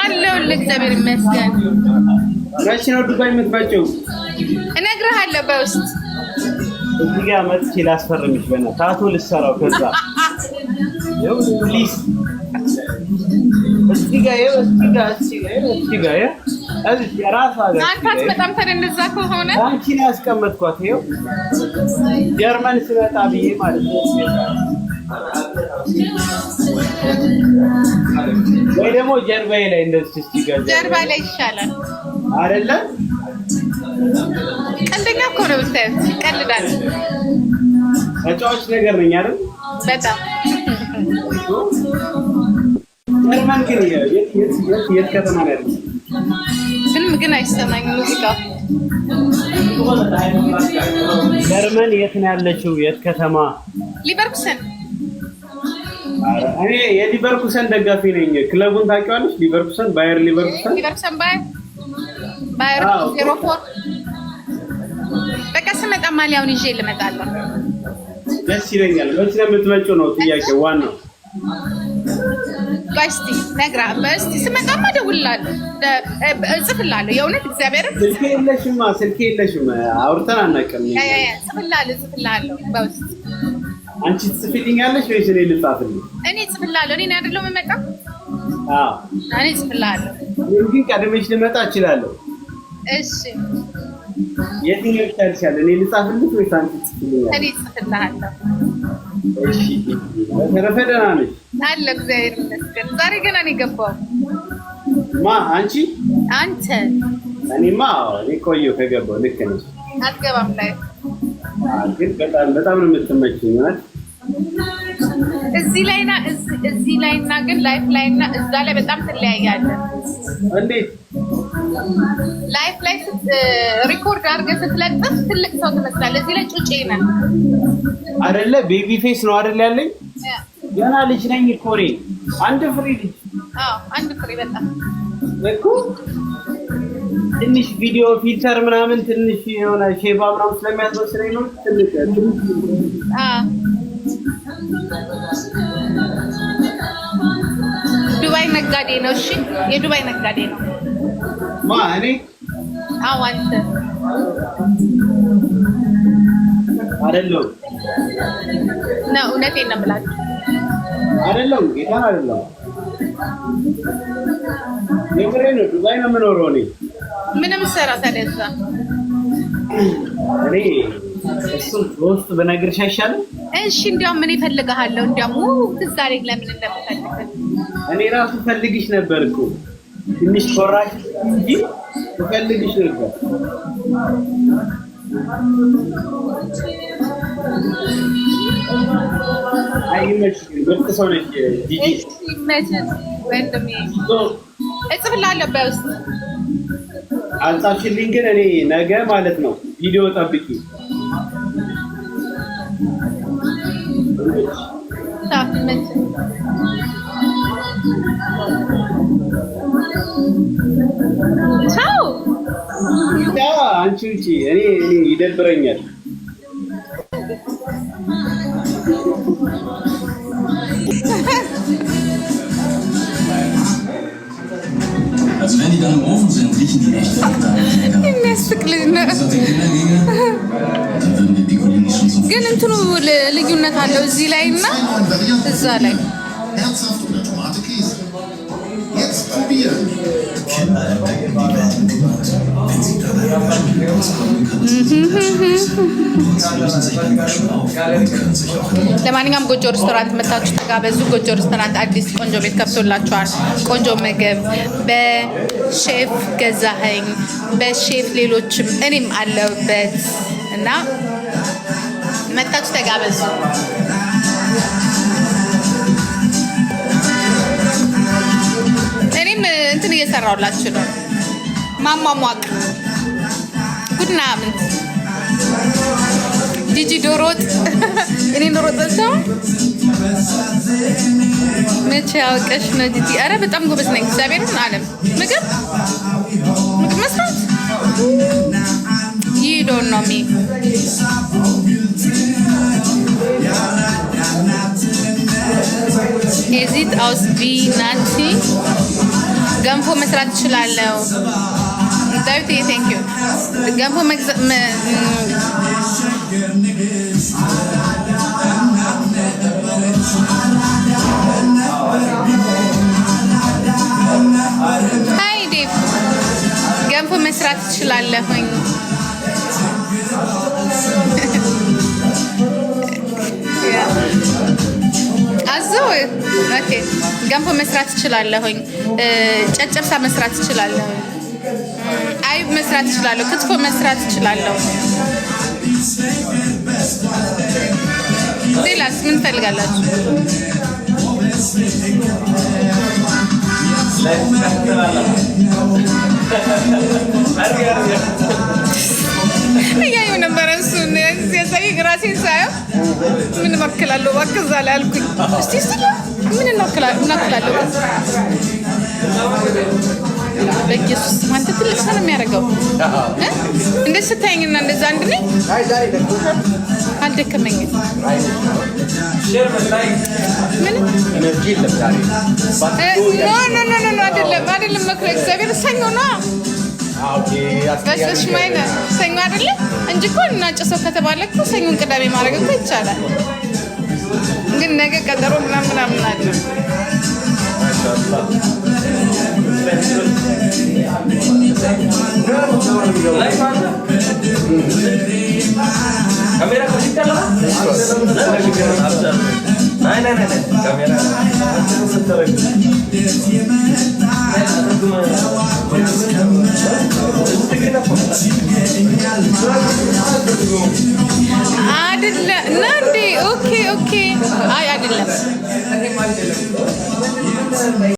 አለው እግዚአብሔር ይመስገን። መቼ ነው ዱባይ የምትመጪው? እነግርሃለሁ። በውስጥ እዚህ ጋር መጥቼ ላስፈርምሽ በእናትህ ታቶ ልሰራው ከዛ ፕሊዝ እዚህ ጋር እዚህ ጋር እዚህ ጋር ጋር ከሆነ አንቺን ያስቀመጥኳት ይኸው ጀርመን ስመጣ ብዬ ማለት ነው ወይ ደግሞ ጀርባዬ ላይ እንደዚህ እስቲ ጀርባ ላይ ይሻላል አይደለ? ቀልደኛ እኮ ነው ብታየው፣ ይቀልዳል። ተጫዋች ነገር ነኝ አይደል? በጣም ጀርመን ግን የት የት ከተማ ነው ያለው? ምንም ግን አይሰማኝም ሙዚቃው። ጀርመን የት ነው ያለችው? የት ከተማ? ሊቨርኩሰን እኔ የሊቨርኩሰን ደጋፊ ነኝ። ክለቡን ታውቂዋለሽ? ሊቨርኩሰን ባየር ሊቨርኩሰን ሊቨርኩሰን ባየር ባየር ዜሮ ፎር በቃ ስመጣ ማሊያውን ይዤ ልመጣለሁ። ደስ ይለኛል። መቼ ነው የምትመጪው? ነው ጥያቄ ዋናው። በስቲ ነግራ በስቲ ስመጣማ እደውልልሃለሁ፣ እጽፍልሃለሁ። የእውነት እግዚአብሔርን ስልኬ የለሽማ፣ ስልኬ የለሽም። አውርተን አናውቅም። ጽፍልሃለሁ፣ ጽፍልሃለሁ በውስጥ አንቺ ትጽፊልኛለሽ ወይስ እኔ ልጻፍልኝ? እኔ እጽፍልሃለሁ። እኔ አይደለሁም የምመጣው? አዎ እኔ እጽፍልሃለሁ። ግን ቀድሜሽ ልመጣ እችላለሁ። እሺ የትኛው ይሻልሻል? እኔ ልጻፍልሽ ወይስ አንቺ ትጽፍልኛለሽ? እኔ እጽፍልሃለሁ። እሺ በተረፈ ደህና ነሽ? አለ እግዚአብሔር ይመስገን። ዛሬ ገና ነው የገባው። ማ አንቺ? አንተ? እኔማ እኔ ቆየሁ ከገባሁ። ልክ ነሽ። አትገባም ላይ ግን በጣም በጣም ነው የምትመችኝ ማለት እዚህ ላይና እዚህ ላይና ግን ላይፍ ላይና እዛ ላይ በጣም ትለያያለህ። እንዴት ላይፍ ላይ ሪኮርድ አድርገህ ስትለጥፍ ትልቅ ሰው ትመስላለህ። እዚህ ላይ ጩጬ ነህ አይደለ? ቤቢ ፌስ ነው አይደለ? ያለኝ ገና ልጅ ነኝ እኮ እኔ አንድ ፍሪ ልጅ። አዎ አንድ ፍሪ በጣም እኮ ትንሽ ቪዲዮ ፊልተር ምናምን ትንሽ የሆነ ሼባ ምናምን ስለሚያስመስለኝ ነው ትልቅ ዱባይ ነጋዴ ነው። እሺ፣ የዱባይ ነጋዴ ነው። ማ እኔ? አዎ አንተ አይደለሁም። ነው እውነቴን ነው የምላችሁ። አይደለሁም፣ ጌታ አይደለሁም። ንግሬ ነው። ዱባይ ነው የምኖረው እኔ። ምንም ስራ ታዲያ እዛ እኔ በውስጥ በነገርሽ አይሻልም? እሺ፣ እንዲያውም ምን እፈልግሃለሁ። እንዲያውም ትዝ አለኝ ለምን እንደምፈልግ እኔ ራሱ ፈልግሽ ነበር እኮ ትንሽ ኮራሽ እንጂ ፈልግሽ ነበር። አይመችሽ፣ ብርቅ ሰው ነሽ። ጂጂ ይመችሽ ወንድሜ። እጽፍልሃለሁ በውስጥ አንጻፍሽልኝ። ግን እኔ ነገ ማለት ነው ቪዲዮ ጠብቂ Schlafen mit. Ciao! አንቺ ውጪ እኔ እኔ ይደብረኛል። Also wenn die dann im Ofen sind, riechen die echt. Im Nestle. ግን እንትኑ ልዩነት አለው እዚህ ላይ እና እዛ ላይ ለማንኛውም ጎጆ ሬስቶራንት መታችሁ ተጋበዙ። ጎጆ ሬስቶራንት አዲስ ቆንጆ ቤት ከፍቶላችኋል። ቆንጆ ምግብ በሼፍ ገዛኸኝ፣ በሼፍ ሌሎችም እኔም አለሁበት እና መታችሁ ተጋበዙ። እኔም እንትን እየሰራሁላችሁ ነው። ማሟሟቅ ጉድና ምንት ጂጂ ዶሮ እኔ ዶሮ መቼ ያውቀሽ ነው ጂጂ? አረ በጣም ጎበዝ ነኝ። እግዚአብሔርን አለም ምግብ ምግብ መስራት ይህ ዶን ነው ሚ ዲት አውስ ቢ ናቲ ገንፎ መስራት እችላለሁ። ዳዊት ቴንክ ዩ ገንፎ ገንፎ መስራት እችላለሁኝ። ኦኬ ገንፎ መስራት እችላለሁኝ። ጨጨብሳ መስራት እችላለሁ አይብ መስራት እችላለሁ። ክትፎ መስራት እችላለሁ። ሌላስ ምን ፈልጋላችሁ? እያየሁ ነበረ እሱን ሲያሳይ ራሴን ሳየው ምን እመክላለሁ እባክህ እዛ ላይ አልኩኝ። እስቲ ስለ ምን እናክላለሁ በኢየሱስ ማለት ትልቅ ሰው ነው የሚያደርገው። እንደዚህ ስታየኝና እንደዛ አንድ ነኝ አልደከመኝም። ምንም ኖ ኖ ኖ አይደለም አይደለም መክረ እግዚአብሔር ሰኞ ነዋ በስሽ ማይነ ሰኞ አይደለ እንጂ እኮ እናጭሰው ከተባለ እኮ ሰኞን ቅዳሜ ማድረግ እኮ ይቻላል። ግን ነገ ቀጠሮ ምናምን ምናምን አለ። ካሜራ አይደለም እና እንዴ ኦኬ ኦኬ አይ አይደለም